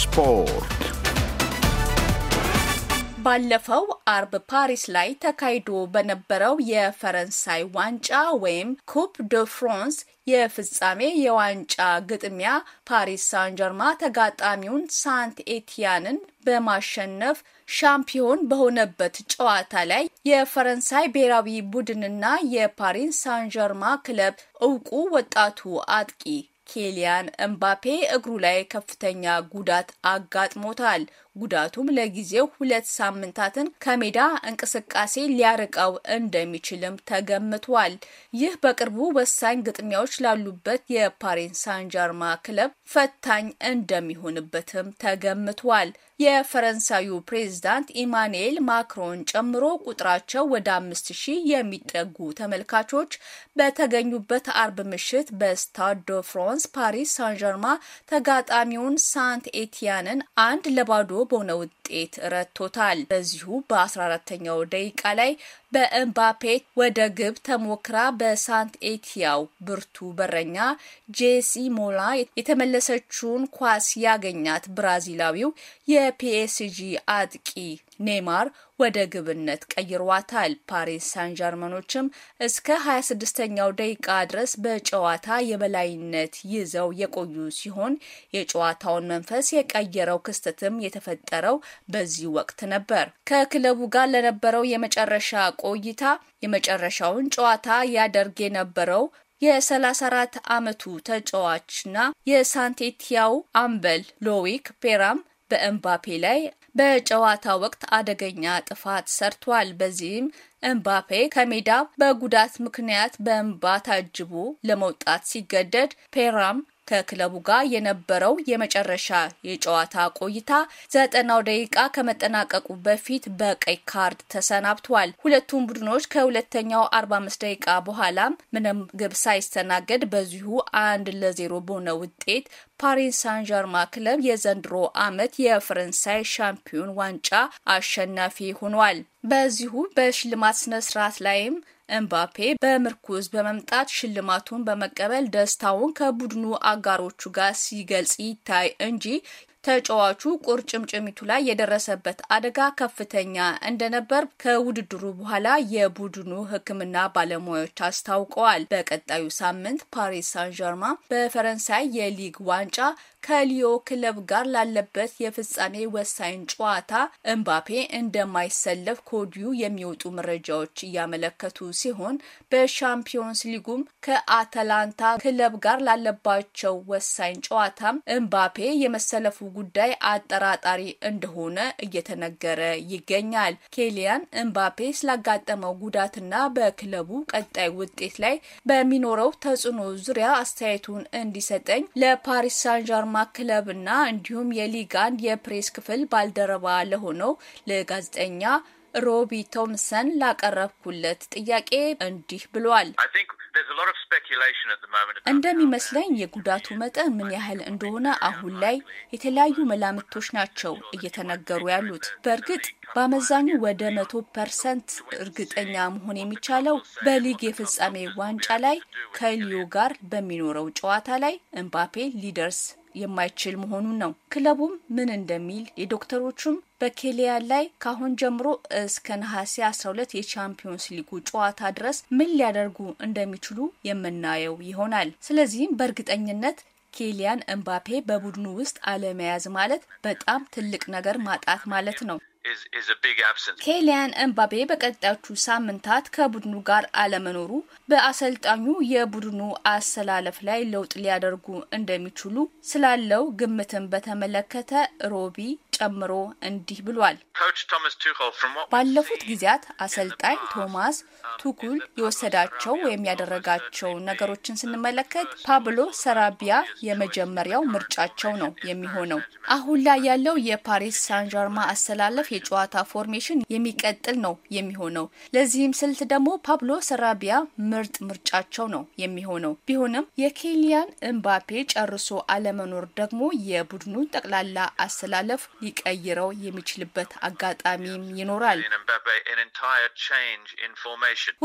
ስፖርት ባለፈው አርብ ፓሪስ ላይ ተካሂዶ በነበረው የፈረንሳይ ዋንጫ ወይም ኩፕ ደ ፍራንስ የፍጻሜ የዋንጫ ግጥሚያ ፓሪስ ሳን ጀርማ ተጋጣሚውን ሳንት ኤቲያንን በማሸነፍ ሻምፒዮን በሆነበት ጨዋታ ላይ የፈረንሳይ ብሔራዊ ቡድንና የፓሪስ ሳን ጀርማ ክለብ እውቁ ወጣቱ አጥቂ ኬሊያን እምባፔ እግሩ ላይ ከፍተኛ ጉዳት አጋጥሞታል። ጉዳቱም ለጊዜው ሁለት ሳምንታትን ከሜዳ እንቅስቃሴ ሊያርቀው እንደሚችልም ተገምቷል። ይህ በቅርቡ ወሳኝ ግጥሚያዎች ላሉበት የፓሪስ ሳን ጀርማ ክለብ ፈታኝ እንደሚሆንበትም ተገምቷል። የፈረንሳዩ ፕሬዝዳንት ኢማኑኤል ማክሮን ጨምሮ ቁጥራቸው ወደ አምስት ሺህ የሚጠጉ ተመልካቾች በተገኙበት አርብ ምሽት በስታድ ዶ ፍሮንስ ፓሪስ ሳንጀርማ ተጋጣሚውን ሳንት ኤቲያንን አንድ ለባዶ በሆነ ውጤት ረቶታል። በዚሁ በ14ተኛው ደቂቃ ላይ በኤምባፔ ወደ ግብ ተሞክራ በሳንት ኤቲያው ብርቱ በረኛ ጄሲ ሞላ የተመለሰችውን ኳስ ያገኛት ብራዚላዊው የፒኤስጂ አጥቂ ኔማር ወደ ግብነት ቀይሯታል። ፓሪስ ሳን ጀርመኖችም እስከ 26ኛው ደቂቃ ድረስ በጨዋታ የበላይነት ይዘው የቆዩ ሲሆን የጨዋታውን መንፈስ የቀየረው ክስተትም የተፈጠረው በዚህ ወቅት ነበር። ከክለቡ ጋር ለነበረው የመጨረሻ ቆይታ የመጨረሻውን ጨዋታ ያደርግ የነበረው የ34 ዓመቱ ተጫዋችና የሳንቴቲያው አምበል ሎዊክ ፔራም በእምባፔ ላይ በጨዋታ ወቅት አደገኛ ጥፋት ሰርቷል። በዚህም እምባፔ ከሜዳ በጉዳት ምክንያት በእምባ ታጅቦ ለመውጣት ሲገደድ ፔራም ከክለቡ ጋር የነበረው የመጨረሻ የጨዋታ ቆይታ ዘጠናው ደቂቃ ከመጠናቀቁ በፊት በቀይ ካርድ ተሰናብቷል። ሁለቱም ቡድኖች ከሁለተኛው 45 ደቂቃ በኋላ ምንም ግብ ሳይስተናገድ በዚሁ አንድ ለዜሮ በሆነ ውጤት ፓሪስ ሳን ክለብ የዘንድሮ ዓመት የፈረንሳይ ሻምፒዮን ዋንጫ አሸናፊ ሆኗል። በዚሁ በሽልማት ስነ ላይም ኤምባፔ በምርኩዝ በመምጣት ሽልማቱን በመቀበል ደስታውን ከቡድኑ አጋሮቹ ጋር ሲገልጽ ይታይ እንጂ ተጫዋቹ ቁርጭምጭሚቱ ላይ የደረሰበት አደጋ ከፍተኛ እንደነበር ከውድድሩ በኋላ የቡድኑ ሕክምና ባለሙያዎች አስታውቀዋል። በቀጣዩ ሳምንት ፓሪስ ሳን ዠርማ በፈረንሳይ የሊግ ዋንጫ ከሊዮ ክለብ ጋር ላለበት የፍጻሜ ወሳኝ ጨዋታ እምባፔ እንደማይሰለፍ ኮዲዩ የሚወጡ መረጃዎች እያመለከቱ ሲሆን በሻምፒዮንስ ሊጉም ከአታላንታ ክለብ ጋር ላለባቸው ወሳኝ ጨዋታም እምባፔ የመሰለፉ ጉዳይ አጠራጣሪ እንደሆነ እየተነገረ ይገኛል። ኬሊያን እምባፔ ስላጋጠመው ጉዳትና በክለቡ ቀጣይ ውጤት ላይ በሚኖረው ተጽዕኖ ዙሪያ አስተያየቱን እንዲሰጠኝ ለፓሪስ ሳን ዣርማ ክለብና እንዲሁም የሊጋን የፕሬስ ክፍል ባልደረባ ለሆነው ለጋዜጠኛ ሮቢ ቶምሰን ላቀረብኩለት ጥያቄ እንዲህ ብሏል። እንደሚመስለኝ የጉዳቱ መጠን ምን ያህል እንደሆነ አሁን ላይ የተለያዩ መላምቶች ናቸው እየተነገሩ ያሉት። በእርግጥ በአመዛኙ ወደ መቶ ፐርሰንት እርግጠኛ መሆን የሚቻለው በሊግ የፍጻሜ ዋንጫ ላይ ከሊዮ ጋር በሚኖረው ጨዋታ ላይ እምባፔ ሊደርስ የማይችል መሆኑን ነው። ክለቡም ምን እንደሚል የዶክተሮቹም በኬሊያን ላይ ካሁን ጀምሮ እስከ ነሐሴ 12 የቻምፒዮንስ ሊጉ ጨዋታ ድረስ ምን ሊያደርጉ እንደሚችሉ የምናየው ይሆናል። ስለዚህም በእርግጠኝነት ኬሊያን ኤምባፔ በቡድኑ ውስጥ አለመያዝ ማለት በጣም ትልቅ ነገር ማጣት ማለት ነው። ኬሊያን እምባቤ በቀጣዮቹ ሳምንታት ከቡድኑ ጋር አለመኖሩ በአሰልጣኙ የቡድኑ አሰላለፍ ላይ ለውጥ ሊያደርጉ እንደሚችሉ ስላለው ግምትን በተመለከተ ሮቢ ጨምሮ እንዲህ ብሏል። ባለፉት ጊዜያት አሰልጣኝ ቶማስ um, ቱኩል የወሰዳቸው ወይም ያደረጋቸው ነገሮችን ስንመለከት ፓብሎ ሰራቢያ የመጀመሪያው ምርጫቸው ነው የሚሆነው። አሁን ላይ ያለው የፓሪስ ሳንዣርማ አሰላለፍ የጨዋታ ፎርሜሽን የሚቀጥል ነው የሚሆነው። ለዚህም ስልት ደግሞ ፓብሎ ሰራቢያ ምርጥ ምርጫቸው ነው የሚሆነው። ቢሆንም የኬሊያን እምባፔ ጨርሶ አለመኖር ደግሞ የቡድኑን ጠቅላላ አሰላለፍ ሊቀይረው የሚችልበት አጋጣሚም ይኖራል።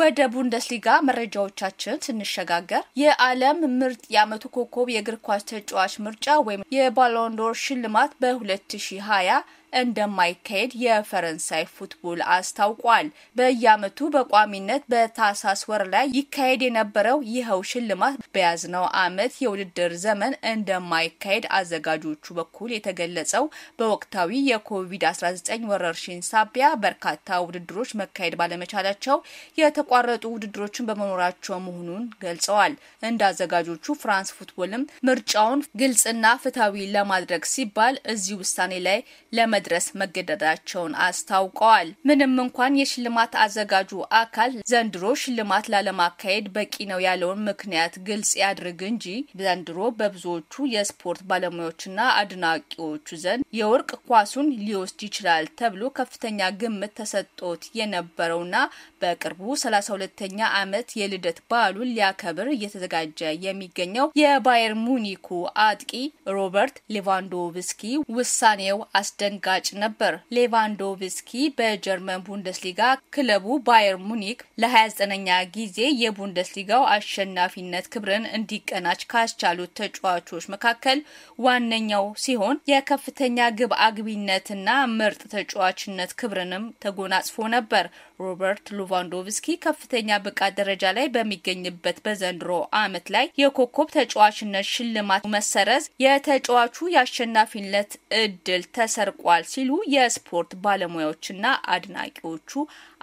ወደ ቡንደስሊጋ መረጃዎቻችን ስንሸጋገር የዓለም ምርጥ የዓመቱ ኮከብ የእግር ኳስ ተጫዋች ምርጫ ወይም የባሎንዶር ሽልማት በ2020 እንደማይካሄድ የፈረንሳይ ፉትቦል አስታውቋል። በየዓመቱ በቋሚነት በታህሳስ ወር ላይ ይካሄድ የነበረው ይኸው ሽልማት በያዝነው ዓመት የውድድር ዘመን እንደማይካሄድ አዘጋጆቹ በኩል የተገለጸው በወቅታዊ የኮቪድ-19 ወረርሽኝ ሳቢያ በርካታ ውድድሮች መካሄድ ባለመቻላቸው የተቋረጡ ውድድሮችን በመኖራቸው መሆኑን ገልጸዋል። እንደ አዘጋጆቹ ፍራንስ ፉትቦልም ምርጫውን ግልጽና ፍትሐዊ ለማድረግ ሲባል እዚህ ውሳኔ ላይ ለመ ለመድረስ መገደዳቸውን አስታውቀዋል። ምንም እንኳን የሽልማት አዘጋጁ አካል ዘንድሮ ሽልማት ላለማካሄድ በቂ ነው ያለውን ምክንያት ግልጽ ያድርግ እንጂ ዘንድሮ በብዙዎቹ የስፖርት ባለሙያዎችና አድናቂዎቹ ዘንድ የወርቅ ኳሱን ሊወስድ ይችላል ተብሎ ከፍተኛ ግምት ተሰጥቶት የነበረውና በቅርቡ 32ተኛ ዓመት የልደት በዓሉን ሊያከብር እየተዘጋጀ የሚገኘው የባየር ሙኒኩ አጥቂ ሮበርት ሌቫንዶቭስኪ ውሳኔው አስደንጋጭ ነበር። ሌቫንዶቭስኪ በጀርመን ቡንደስሊጋ ክለቡ ባየር ሙኒክ ለ29ኛ ጊዜ የቡንደስሊጋው አሸናፊነት ክብርን እንዲቀናች ካስቻሉት ተጫዋቾች መካከል ዋነኛው ሲሆን የከፍተኛ ግብ አግቢነትና ምርጥ ተጫዋችነት ክብርንም ተጎናጽፎ ነበር። ሮበርት ሉቫ ሌቫንዶቭስኪ ከፍተኛ ብቃት ደረጃ ላይ በሚገኝበት በዘንድሮ ዓመት ላይ የኮከብ ተጫዋችነት ሽልማት መሰረዝ የተጫዋቹ የአሸናፊነት እድል ተሰርቋል ሲሉ የስፖርት ባለሙያዎችና አድናቂዎቹ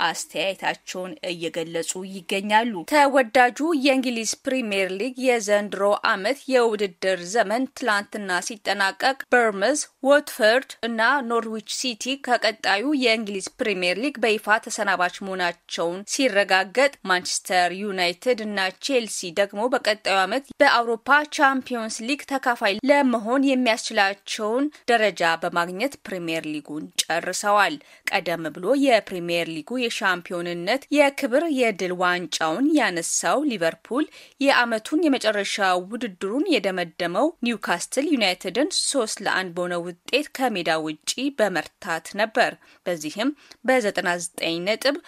አስተያየታቸውን እየገለጹ ይገኛሉ። ተወዳጁ የእንግሊዝ ፕሪምየር ሊግ የዘንድሮ ዓመት የውድድር ዘመን ትላንትና ሲጠናቀቅ በርመዝ፣ ወትፈርድ እና ኖርዊች ሲቲ ከቀጣዩ የእንግሊዝ ፕሪምየር ሊግ በይፋ ተሰናባች መሆናቸውን ሲረጋገጥ ማንቸስተር ዩናይትድ እና ቼልሲ ደግሞ በቀጣዩ ዓመት በአውሮፓ ቻምፒዮንስ ሊግ ተካፋይ ለመሆን የሚያስችላቸውን ደረጃ በማግኘት ፕሪምየር ሊጉን ጨርሰዋል። ቀደም ብሎ የፕሪምየር ሊጉ የ ሻምፒዮንነት የክብር የድል ዋንጫውን ያነሳው ሊቨርፑል የአመቱን የመጨረሻ ውድድሩን የደመደመው ኒውካስትል ዩናይትድን ሶስት ለአንድ በሆነ ውጤት ከሜዳ ውጪ በመርታት ነበር። በዚህም በ99 ነጥብ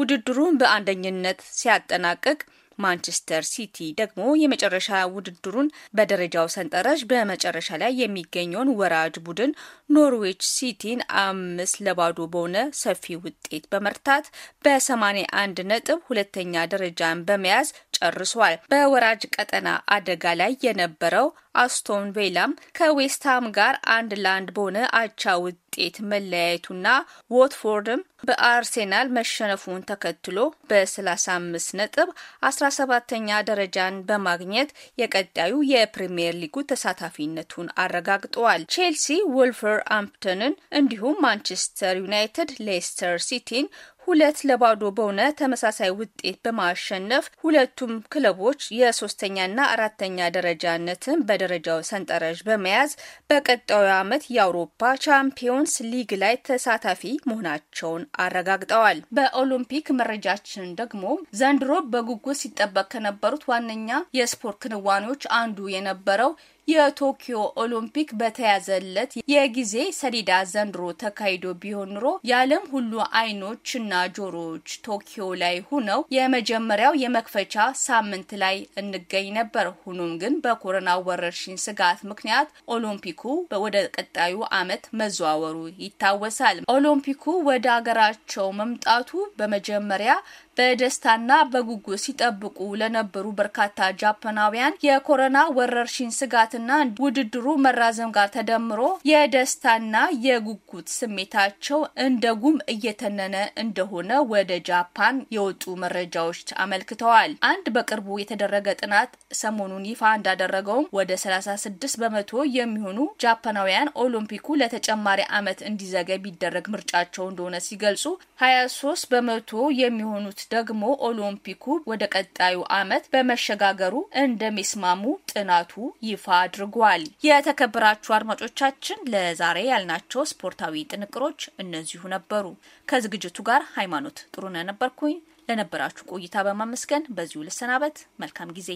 ውድድሩን በአንደኝነት ሲያጠናቅቅ ማንቸስተር ሲቲ ደግሞ የመጨረሻ ውድድሩን በደረጃው ሰንጠረዥ በመጨረሻ ላይ የሚገኘውን ወራጅ ቡድን ኖርዌች ሲቲን አምስት ለባዶ በሆነ ሰፊ ውጤት በመርታት በ81 ነጥብ ሁለተኛ ደረጃን በመያዝ ጨርሷል። በወራጅ ቀጠና አደጋ ላይ የነበረው አስቶን ቬላም ከዌስትሃም ጋር አንድ ለአንድ በሆነ አቻ ውጤት መለያየቱና ዎትፎርድም በአርሴናል መሸነፉን ተከትሎ በ35 ነጥብ 17ተኛ ደረጃን በማግኘት የቀጣዩ የፕሪምየር ሊጉ ተሳታፊነቱን አረጋግጠዋል። ቼልሲ አምፕተንን እንዲሁም ማንቸስተር ዩናይትድ ሌስተር ሲቲን ሁለት ለባዶ በሆነ ተመሳሳይ ውጤት በማሸነፍ ሁለቱም ክለቦች የሶስተኛና አራተኛ ደረጃነትን በደረጃው ሰንጠረዥ በመያዝ በቀጣዩ ዓመት የአውሮፓ ቻምፒዮንስ ሊግ ላይ ተሳታፊ መሆናቸውን አረጋግጠዋል። በኦሎምፒክ መረጃችን ደግሞ ዘንድሮ በጉጉት ሲጠበቅ ከነበሩት ዋነኛ የስፖርት ክንዋኔዎች አንዱ የነበረው የቶኪዮ ኦሎምፒክ በተያዘለት የጊዜ ሰሌዳ ዘንድሮ ተካሂዶ ቢሆን ኑሮ የዓለም ሁሉ እና ጆሮዎች ቶኪዮ ላይ ሁነው የመጀመሪያው የመክፈቻ ሳምንት ላይ እንገኝ ነበር። ሆኖም ግን በኮሮና ወረርሽኝ ስጋት ምክንያት ኦሎምፒኩ ወደ ቀጣዩ ዓመት መዘዋወሩ ይታወሳል። ኦሎምፒኩ ወደ አገራቸው መምጣቱ በመጀመሪያ በደስታና በጉጉት ሲጠብቁ ለነበሩ በርካታ ጃፓናውያን የኮሮና ወረርሽኝ ስጋት ና ውድድሩ መራዘም ጋር ተደምሮ የደስታና የጉጉት ስሜታቸው እንደ ጉም እየተነነ እንደሆነ ወደ ጃፓን የወጡ መረጃዎች አመልክተዋል። አንድ በቅርቡ የተደረገ ጥናት ሰሞኑን ይፋ እንዳደረገውም ወደ 36 በመቶ የሚሆኑ ጃፓናውያን ኦሎምፒኩ ለተጨማሪ ዓመት እንዲዘገብ ይደረግ ምርጫቸው እንደሆነ ሲገልጹ 23 በመቶ የሚሆኑት ደግሞ ኦሎምፒኩ ወደ ቀጣዩ ዓመት በመሸጋገሩ እንደሚስማሙ ጥናቱ ይፋ አድርጓል። የተከበራችሁ አድማጮቻችን ለዛሬ ያልናቸው ስፖርታዊ ጥንቅሮች እነዚሁ ነበሩ። ከዝግጅቱ ጋር ሃይማኖት ጥሩነህ ነበርኩኝ። ለነበራችሁ ቆይታ በማመስገን በዚሁ ልሰናበት። መልካም ጊዜ